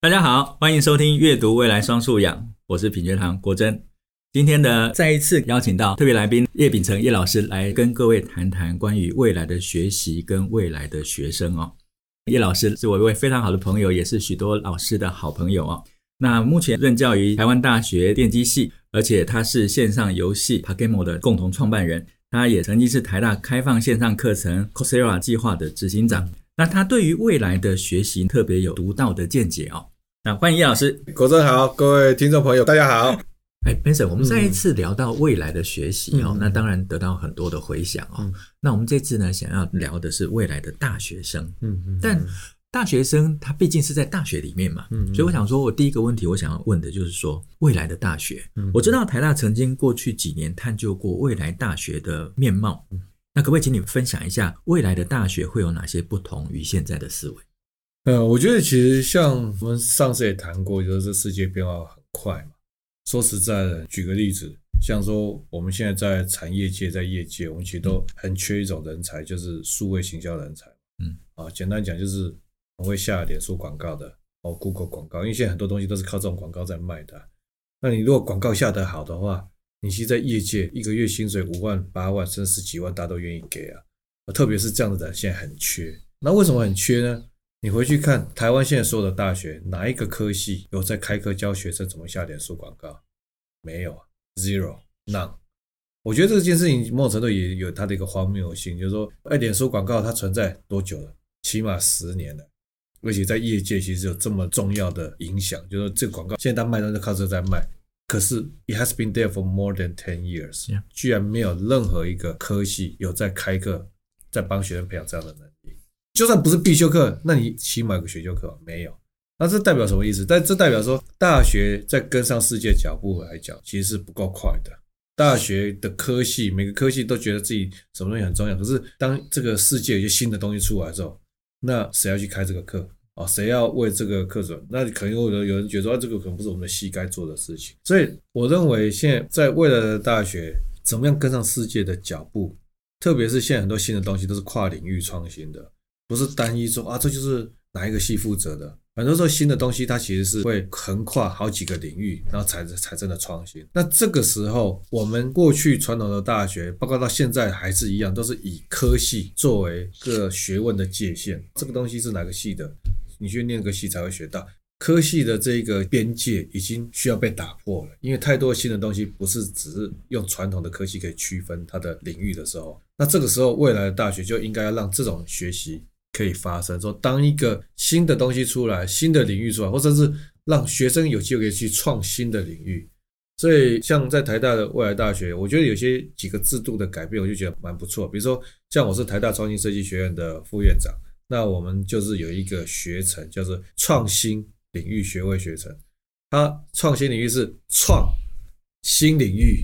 大家好，歡迎收聽《閱讀未來雙素養》，我是品學堂國珍。今天呢，再一次邀請到特別來賓葉丙成葉老師來跟各位談談關於未來的學習跟未來的學生哦。葉老師是我一位非常好的朋友，也是許多老師的好朋友哦。那目前任教於臺灣大學電機系，而且他是線上遊戲 PaGamO 的共同創辦人，他也曾經是台大開放線上課程 Coursera 計劃的執行長。那他對於未來的學習特別有獨到的見解哦。那、啊、歡迎葉老師，國珍好，各位聽眾朋友大家好。哎，潘 n 我們上一次聊到未來的學習哦、嗯，那當然得到很多的回響哦、嗯。那我們這次呢，想要聊的是未來的大學生。嗯嗯。但大學生他畢竟是在大學裡面嘛，嗯，所以我想說，我第一個問題我想要問的就是說未來的大學。嗯。我知道台大曾經過去幾年探究過未來大學的面貌。那可不可以請你分享一下未來的大學會有哪些不同於現在的思維？呃、嗯，我覺得其實像我們上次也談過，就是這世界變化很快嘛。說實在的，舉個例子，像說我們現在在產業界、在業界，我們其實都很缺一種人才，就是數位行銷人才。嗯，啊，簡單講就是我們會下臉書廣告的，哦，Google 廣告，因為現在很多東西都是靠這種廣告在賣的。那你如果廣告下得好的話，你其實在業界，一個月薪水五萬、八萬甚至十幾萬，大家都願意給啊。特別是這樣子的，現在很缺。那為什麼很缺呢？你回去看台灣現在所有的大學，哪一個科系有在開課教學生怎麼下臉書廣告？沒有，zero none。我覺得這件事情某種程度也有它的一個荒謬性，就是說，臉書廣告它存在多久了？起碼十年了，而且在業界其實有這麼重要的影響，就是說，這個廣告現在它賣，它就靠這在賣。可是，it has been there for more than ten years，Yeah. 居然沒有任何一個科系有在開課，在幫學生培養這樣的能力。就算不是必修課，那你起碼有個選修課沒有。那這代表什麼意思？但這代表說，大學在跟上世界腳步來講，其實是不夠快的。大學的科系，每個科系都覺得自己什麼東西很重要。可是，當這個世界有些新的東西出來之後，那誰要去開這個課？啊，誰要為這個課程，那可能有有人覺得啊，這個可能不是我們的系該做的事情。所以我認為，現在在未來的大學怎麼樣跟上世界的腳步，特別是現在很多新的東西都是跨領域創新的，不是單一說啊，這就是哪一個系負責的。很多時候新的東西它其實是會橫跨好幾個領域，然後才才真的創新。那這個時候，我們過去傳統的大學，包括到現在還是一樣，都是以科系作為個學問的界限，這個東西是哪個系的？你去念個系才會學到。科系的這個邊界已經需要被打破了，因為太多新的東西不是只是用傳統的科系可以區分它的領域的時候，那這個時候未來的大學就應該要讓這種學習可以發生，說當一個新的東西出來，新的領域出來，或者是讓學生有機會去創新的領域。所以像在台大的未來大學，我覺得有些幾個制度的改變，我就覺得蠻不錯。比如說像我是台大創新設計學院的副院長。那我們就是有一個學程，叫做創新領域學位學程。它創新領域是創新領域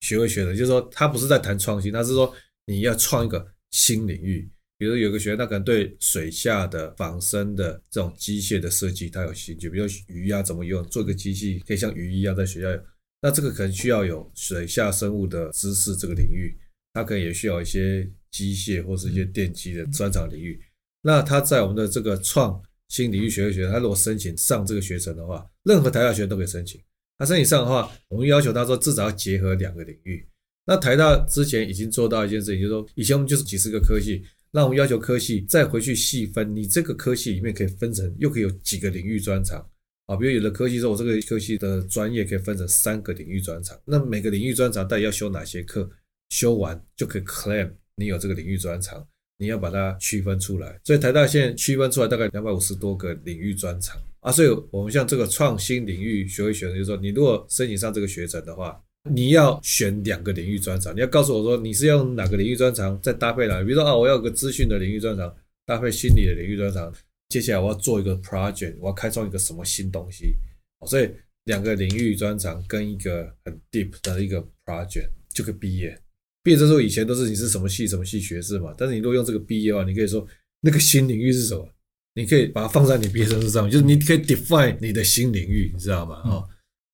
學位學程，就是說它不是在談創新，它是說你要創一個新領域。比如說有個學員，他可能對水下的仿生的這種機械的設計他有興趣，比如說魚啊怎麼用，做一個機器可以像魚一樣在水下游。那這個可能需要有水下生物的知識這個領域，它可能也需要一些機械或是一些電機的專長領域。那他在我們的這個創新領域學的學，他如果申請上這個學程的話，任何台大學生都可以申請。他申請上的話，我們要求他說至少要結合兩個領域。那台大之前已經做到一件事情，就是說以前我們就是幾十個科系，那我們要求科系再回去細分，你這個科系裡面可以分成又可以有幾個領域專長啊，比如有的科系說我這個科系的專業可以分成三個領域專長，那每個領域專長到底要修哪些課，修完就可以 claim 你有這個領域專長。你要把它區分出來，所以台大現在區分出來大概兩百五十多個領域專長啊，所以我們像這個創新領域學位學程，就是說你如果申請上這個學程的話，你要選兩個領域專長，你要告訴我說你是用哪個領域專長再搭配哪，比如說啊，我要個資訊的領域專長搭配心理的領域專長，接下來我要做一個 project，我要開創一個什麼新東西，所以兩個領域專長跟一個很 deep 的一個 project 就可以畢業。畢業證書，以前都是你是什麼系什麼系學士嘛，但是你如果用這個畢業啊，你可以說那個新領域是什麼，你可以把它放在你畢業證書上，就是你可以 define 你的新領域，你知道嗎、嗯？啊，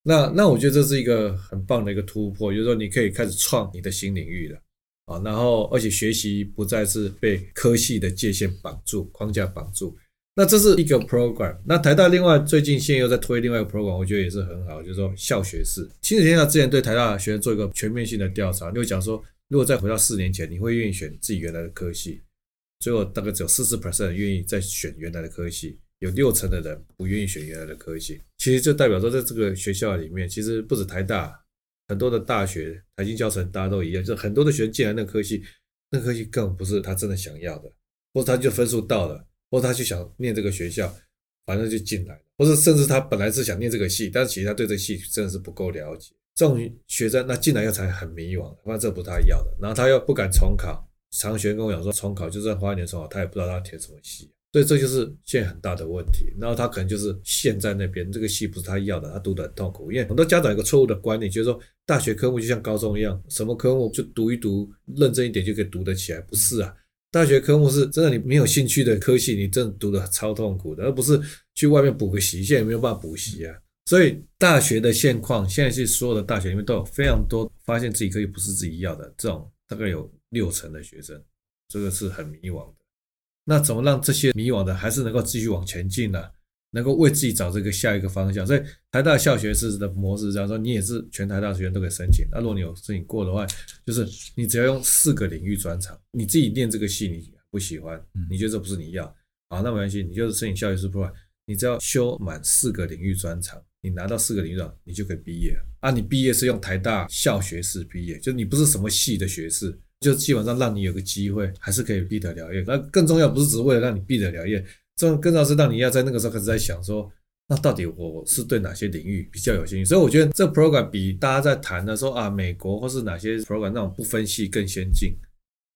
那那我覺得這是一個很棒的一個突破，就是說你可以開始創你的新領域了啊，然後而且學習不再是被科系的界限、綁住、框架綁住，那這是一個 program。那台大另外最近現在又在推另外一個 program，我覺得也是很好，就是說校學士。親子天下之前對台大學生做一個全面性的調查，就講說。如果再回到四年前，你會願意選自己原來的科系？最後大概只有四十 percent 願意再選原來的科系，有六成的人不願意選原來的科系。其實就代表說，在這個學校裡面，其實不止台大，很多的大學，台清交成大家都一樣，就是、很多的學生進來那個科系，那科系更不是他真的想要的，或者他就分數到了，或者他就想念這個學校，反正就進來了，或者甚至他本來是想念這個系，但是其實他對這個系真的是不夠了解。這種學生那進來要才很迷惘，反正這不是他要的，然後他又不敢重考。長學跟我講說重考就算花一年重考，他也不知道他要填什麼系，所以這就是現在很大的問題。然後他可能就是現在那邊這個系不是他要的，他讀的很痛苦。因為很多家長有個錯誤的觀念，就是說大學科目就像高中一樣，什麼科目就讀一讀，認真一點就可以讀得起來。不是啊，大學科目是真的，你沒有興趣的科系，你真的讀的超痛苦的，而不是去外面補個習。現在也沒有辦法補習啊。所以大學的現況，現在是所有的大學裡面都有非常多發現自己可以不是自己要的這種，大概有六成的學生，這個是很迷惘的。那怎麼讓這些迷惘的還是能夠繼續往前進呢、啊？能夠為自己找這個下一個方向？所以台大校學士的模式假如說，你也是全台大學生都可以申請。那如果你有申請過的話，就是你只要用四個領域專長，你自己念這個系你不喜歡，你覺得這不是你要，嗯、好，那沒關係，你就是申請校學士 pro 你只要修滿四個領域專長，你拿到四個領域，你就可以畢業啊！你畢業是用台大校學士畢業，就你不是什麼系的學士，就基本上讓你有個機會還是可以畢得了業。那更重要不是只是為了讓你畢得了業，這更重要是讓你要在那個時候開始在想說，那到底我是對哪些領域比較有興趣？所以我覺得這個 program 比大家在談的說啊，美國或是哪些 program 那種不分系更先進。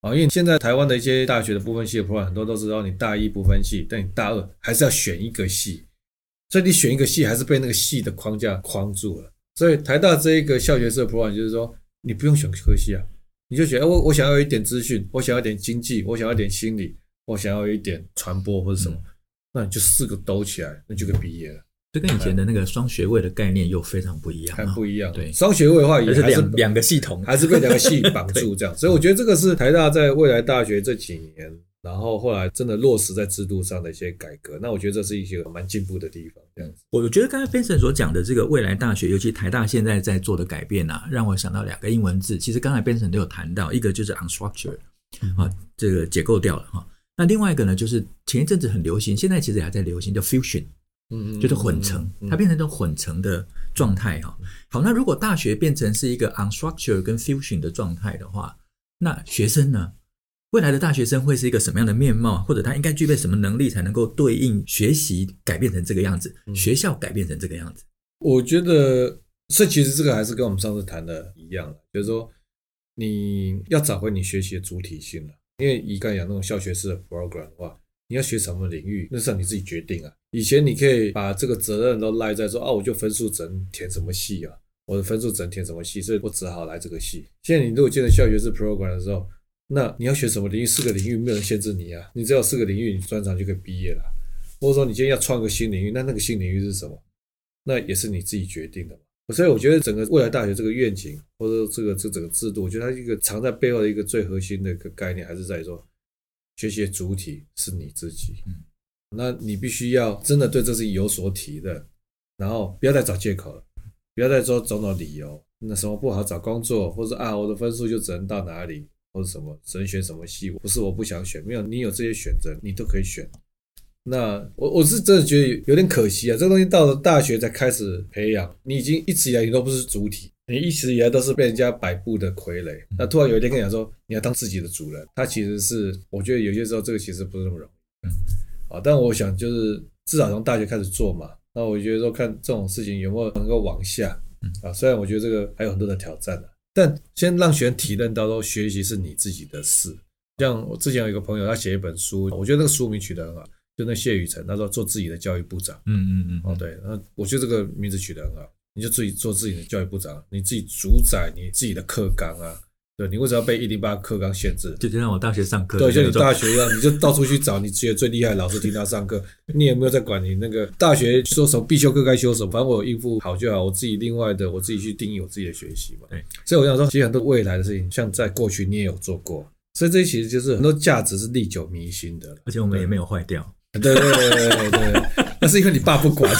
啊，因為現在台灣的一些大學的不分系的 plan 很多都知道你大一不分系，但你大二還是要選一個系，所以你選一個系還是被那個系的框架框住了。所以台大這一個校學士 plan 就是說你不用選科系啊，你就選我我想要有一點資訊，我想要有點經濟，我想要有點心理，我想要有一點傳播或者什麼、嗯，那你就四個兜起來，那就可以畢業了。這跟以前的那個雙學位的概念又非常不一樣，啊，還不一樣。對，雙學位的話也是，是兩,兩個系統，還是被兩個系綁住這樣。 所以我覺得這個是台大在未來大學這幾年， 然後後來真的落實在制度上的一些改革。那我覺得這是一些蠻進步的地方。這樣子，我覺得剛才 Benson 所講的這個未來大學，尤其台大現在在做的改變啊，讓我想到兩個英文字。其實剛才 Benson 都有談到，一個就是 unstructured，啊，這個解構掉了哈。那另外一個呢，就是前一陣子很流行，現在其實也還在流行，叫 fusion。嗯，就是混成，它變成一種混成的狀態哈。好，那如果大學變成是一個 unstructured 跟 fusion 的狀態的話，那學生呢？未來的大學生會是一個什麼樣的面貌？或者他應該具備什麼能力才能夠對應學習改變成這個樣子？學校改變成這個樣子？我覺得，這其實這個還是跟我們上次談的一樣，就是說你要找回你學習的主體性，因為一剛講那種校學士的 program 的話，你要學什麼領域，那是你自己決定啊。以前你可以把這個責任都賴在說，啊，我就分數只能填什麼系啊，我的分數只能填什麼系，所以我只好來這個系。現在你如果進了校學士 program 的時候，那你要學什麼領域？四個領域沒有人限制你啊，你只要四個領域你專長就可以畢業了。或者說你今天要創個新領域，那那個新領域是什麼？那也是你自己決定的。所以我覺得整個未來大學這個願景或者說這個這整個制度，我覺得它一個藏在背後的一個最核心的一個概念還是在說，學習的主體是你自己。嗯那你必須要真的對這是有所體認，然後不要再找借口了，不要再說種種理由。那什麼不好找工作，或者啊，我的分數就只能到哪裡，或者什麼只能選什麼系，不是我不想選，沒有你有這些選擇，你都可以選。那我我是真的覺得有點可惜啊，這個東西到了大學才開始培養，你已經一直以來你都不是主體，你一直以來都是被人家擺布的傀儡。那突然有一天跟你講說你要當自己的主人，他其實是我覺得有些時候這個其實不是那麼容易。但我想就是至少從大學開始做嘛，那我覺得說看這種事情有沒有能夠往下，嗯，啊，雖然我覺得這個還有很多的挑戰呢，但先讓學生體認到說學習是你自己的事。像我之前有一個朋友，他寫一本書，我覺得那個書名取得很好，就那謝雨辰，他說做自己的教育部長，嗯嗯嗯，嗯，哦，對，那我覺得這個名字取得很好，你就自己做自己的教育部長，你自己主宰你自己的課綱啊。對，你為什麼要被一零八課綱限制？就就像我大學上課，對，像你大學一、啊、樣， 你就到處去找你覺得最厲害的老師聽他上課。你也沒有在管你那個大學說什麼必修課該修什麼？反正我有應付好就好，我自己另外的，我自己去定義我自己的學習嘛、欸。所以我想說，其實很多未來的事情，像在過去你也有做過，所以這些其實就是很多價值是歷久彌新的。而且我們也沒有壞掉。對對對對，對，對，對，那 是因為你爸不管。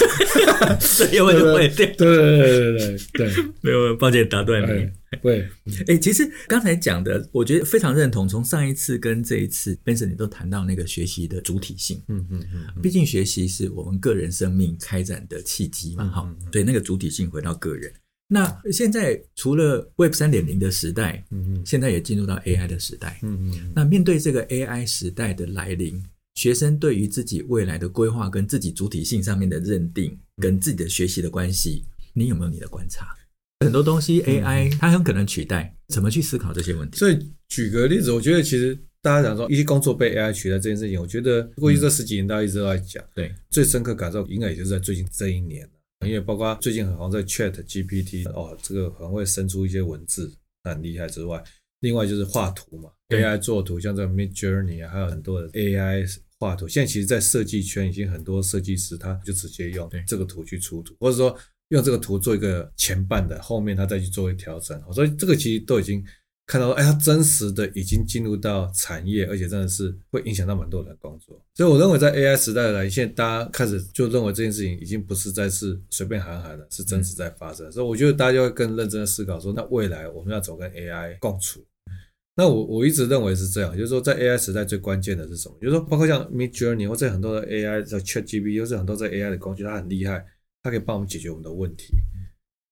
對，因為壞掉。對對對對對對，對，對，對 沒有，抱歉打斷你。欸對，哎、欸，其實剛才講的，我覺得非常認同。從上一次跟這一次，Benson 你都談到那個學習的主體性，嗯嗯嗯，畢竟學習是我們個人生命開展的契機嘛、嗯，好，對，那個主體性回到個人。嗯、那現在除了 Web 三點零的時代，嗯嗯，現在也進入到 AI 的時代，嗯嗯、嗯。那面對這個 AI 時代的來臨，學生對於自己未來的規劃跟自己主體性上面的認定、嗯、跟自己的學習的關係，你有沒有你的觀察？很多東西 AI 它很可能取代，怎麼去思考這些問題？所以舉個例子，我覺得其實大家講說一些工作被 AI 取代這件事情，我覺得過去這十幾年大家一直在講，對，最深刻感受應該也就是在最近這一年，因為包括最近好像在 ChatGPT 哦，這個可能會生出一些文字很厲害之外，另外就是畫圖嘛，AI 做圖，像在 Midjourney，還有很多的 AI 畫圖。現在其實，在設計圈已經很多設計師他就直接用這個圖去出圖，或者說。用這個圖做一個前半的，後面它再去做一個調整，所以這個其實都已經看到，哎，它真實的已經進入到產業，而且真的是會影響到蠻多人的工作。所以我認為在 AI 時代來，現在大家開始就認為這件事情已經不是在是隨便喊喊了，是真實在發生。所以我覺得大家就會更認真的思考說，那未來我們要怎麼跟 AI 共處？那我我一直認為是這樣，就是說在 AI 時代最關鍵的是什麼？就是說包括像 Midjourney 或者很多的 AI，在 ChatGPT 就是很多在 AI 的工具，它很厲害。它可以幫我們解決我們的問題，嗯、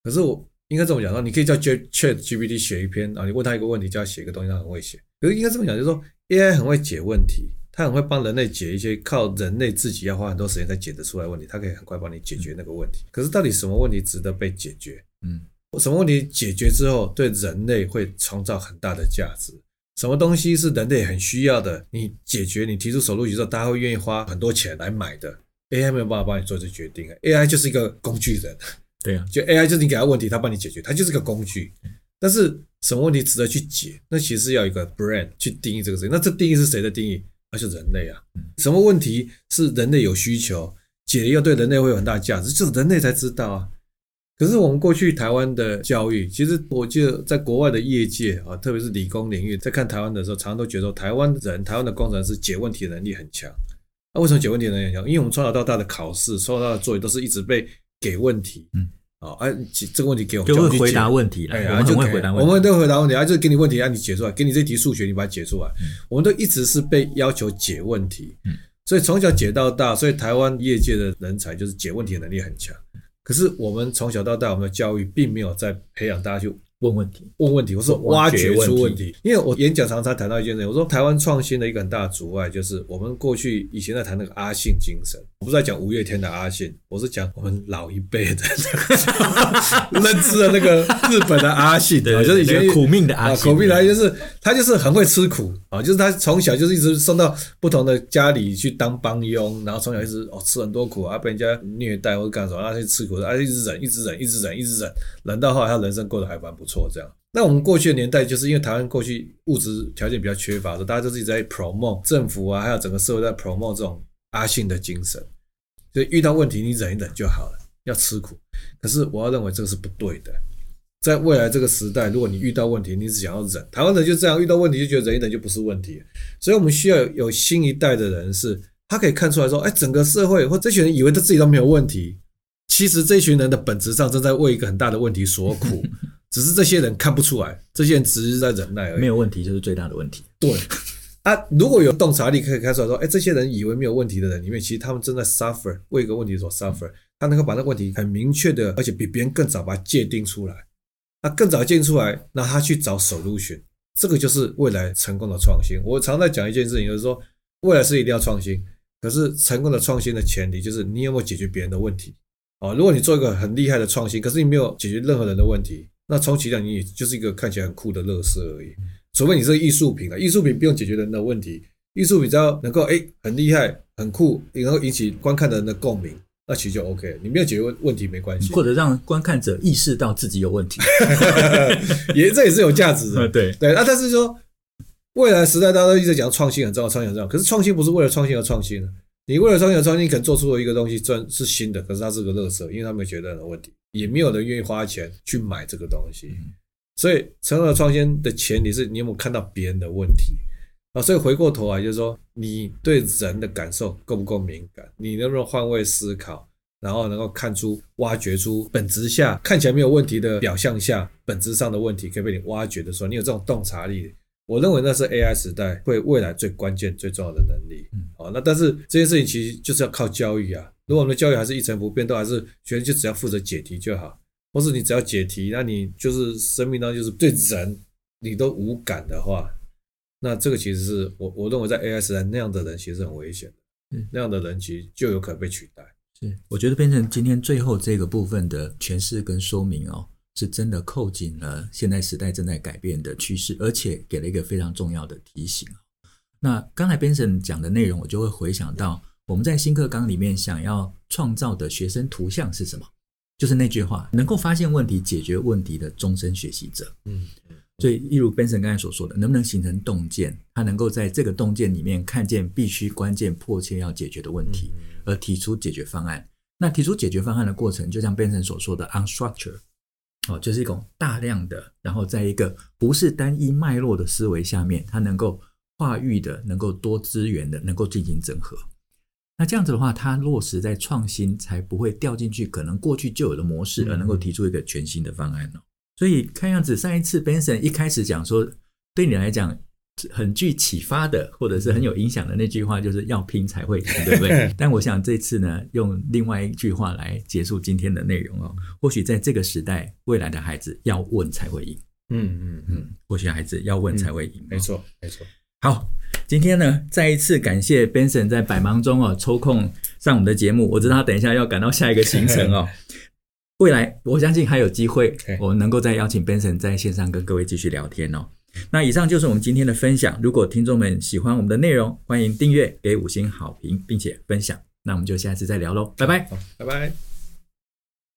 可是我應該這麼講，你可以叫 Chat GPT 寫一篇啊，你問他一個問題，就要寫一個東西，他很會寫。可是應該這麼講，就是說 AI 很會解問題，它很會幫人類解一些靠人類自己要花很多時間才解得出來的問題，它可以很快幫你解決那個問題，嗯。可是到底什麼問題值得被解決？嗯，什麼問題解決之後對人類會創造很大的價值？什麼東西是人類很需要的？你解決，你提出手術局之後，大家會願意花很多錢來買的。AI 沒有辦法幫你做這決定啊，AI 就是一個工具人，對啊，就 AI 就是你給他問題，他幫你解決，他就是個工具。但是什麼問題值得去解？那其實要一個 brand 去定義這個事情。那這定義是誰的定義？那是人類啊。什麼問題是人類有需求解的，要對人類會有很大價值，就是人類才知道啊。可是我們過去台灣的教育，其實我記得在國外的業界啊，特別是理工領域，在看台灣的時候，常常都覺得台灣人、台灣的工程師解問題能力很強。那、啊、為什麼解問題能力很強？因為我們從小到大的考試、從小到大的作業都是一直被給問題，嗯，啊，這個問題給我們,我們就會回答問題了、啊，我們就回答問題，我們都回答問題，啊，就是給你問題讓你解出來，給你這題數學你把它解出來、嗯，我們都一直是被要求解問題，嗯，所以從小解到大，所以台灣業界的人才就是解問題的能力很強、嗯。可是我們從小到大，我們的教育並沒有在培養大家去。問問題，問問題，我是挖掘出問題。問問題。因為我演講常常談到一件事情，我說台灣創新的一個很大的阻礙，就是我們過去以前在談那個阿信精神。我不是在講五月天的阿信，我是講我們老一輩的那個 認知的那個日本的阿信， 哦、就是以前、那個、苦命的阿信，啊、苦命的，就是他就是很會吃苦啊、哦，就是他從小就是一直送到不同的家裡去當幫傭，然後從小一、就、直、是、哦吃很多苦啊，被人家虐待或者幹什麼，他、啊、就吃苦，他、啊、就一直忍，一直忍，一直忍，一直忍，忍到後來他人生過得還蠻不錯。錯，這樣。那我們過去的年代，就是因為台灣過去物質條件比較缺乏的，的大家都自己在 promote 政府啊，還有整個社會在 promote 這種阿信的精神，所以遇到問題你忍一忍就好了，要吃苦。可是我要認為這個是不對的。在未來這個時代，如果你遇到問題，你只想要忍，台灣人就這樣，遇到問題就覺得忍一忍就不是問題。所以我們需要有新一代的人士，他可以看出來說，哎，整個社會或這群人以為他自己都沒有問題，其實這群人的本質上正在為一個很大的問題所苦。 只是這些人看不出來，這些人只是在忍耐而已。沒有問題就是最大的問題。對啊，如果有洞察力，可以看出來，說，哎、欸，這些人以為沒有問題的人裡面，其實他們正在 suffer 為一個問題所 suffer。他能夠把那個問題很明確的，而且比別人更早把它界定出來。他更早界定出來，那他去找 solution。這個就是未來成功的創新。我常在講一件事情，就是說，未來是一定要創新。可是成功的創新的前提，就是你有沒有解決別人的問題哦，如果你做一個很厲害的創新，可是你沒有解決任何人的問題。那充其量你也就是一個看起來很酷的垃圾而已，除非你是藝術品啊！藝術品不用解決人的問題，藝術品只要能夠哎、欸、很厲害、很酷，然後引起觀看的人的共鳴，那其實就 OK。你沒有解決問問題沒關係，或者讓觀看者意識到自己有問題， 也這也是有價值的。 對對、啊，那但是說未來時代，大家都一直講創新很重要，創新很重要。可是創新不是為了創新而創新，你為了創新而創新，你可能做出的一個東西，算是新的，可是它是個垃圾，因為它沒有解決人的問題。也沒有人願意花錢去買這個東西，所以成長創新的前提是，你有沒有看到別人的問題啊？所以回過頭來、啊、就是說，你對人的感受夠不夠敏感？你能不能換位思考，然後能夠看出、挖掘出本質下看起來沒有問題的表象下本質上的問題，可以被你挖掘的時候，你有這種洞察力，我認為那是 AI 時代會未來最關鍵、最重要的能力、啊。那但是這件事情其實就是要靠教育啊。如果我們的教育還是一成不變，都還是學生就只要負責解題就好，或是你只要解題，那你就是生命當中就是對人你都無感的話，那這個其實是我我認為在 AI 時代那樣的人其實是很危險的，嗯，那樣的人其實就有可能被取代。是，我覺得丙成今天最後這個部分的詮釋跟說明哦，是真的扣緊了現在時代正在改變的趨勢，而且給了一個非常重要的提醒。那剛才丙成講的內容，我就會回想到。我們在新課綱裡面想要創造的學生圖像是什麼？就是那句話：能夠發現問題、解決問題的終身學習者。嗯，所以一如 Benson 剛才所說的，能不能形成洞見？他能夠在這個洞見裡面看見必須、關鍵、迫切要解決的問題，而提出解決方案。那提出解決方案的過程，就像 Benson 所說的 unstructure 哦，就是一種大量的，然後在一個不是單一脈絡的思維下面，他能夠跨域的、能夠多資源的、能夠進行整合。那這樣子的話，它落實在創新，才不會掉進去可能過去就有的模式，而能夠提出一個全新的方案哦、嗯嗯。所以看樣子，上一次 Benson 一開始講說，對你來講很具啟發的，或者是很有影響的那句話，就是要拼才會贏，對不對？ 但我想這次呢，用另外一句話來結束今天的內容哦、喔。或許在這個時代，未來的孩子要問才會贏。嗯嗯嗯，或許孩子要問才會贏、喔嗯。沒錯，沒錯。好，今天呢，再一次感謝 Benson 在百忙中啊、哦、抽空上我們的節目。我知道他等一下要趕到下一個行程哦。 未來我相信還有機會，我們能夠再邀請 Benson 在線上跟各位繼續聊天哦。那以上就是我們今天的分享。如果聽眾們喜歡我們的內容，歡迎訂閱、給五星好評，並且分享。那我們就下次再聊嘍，拜拜，好好拜拜。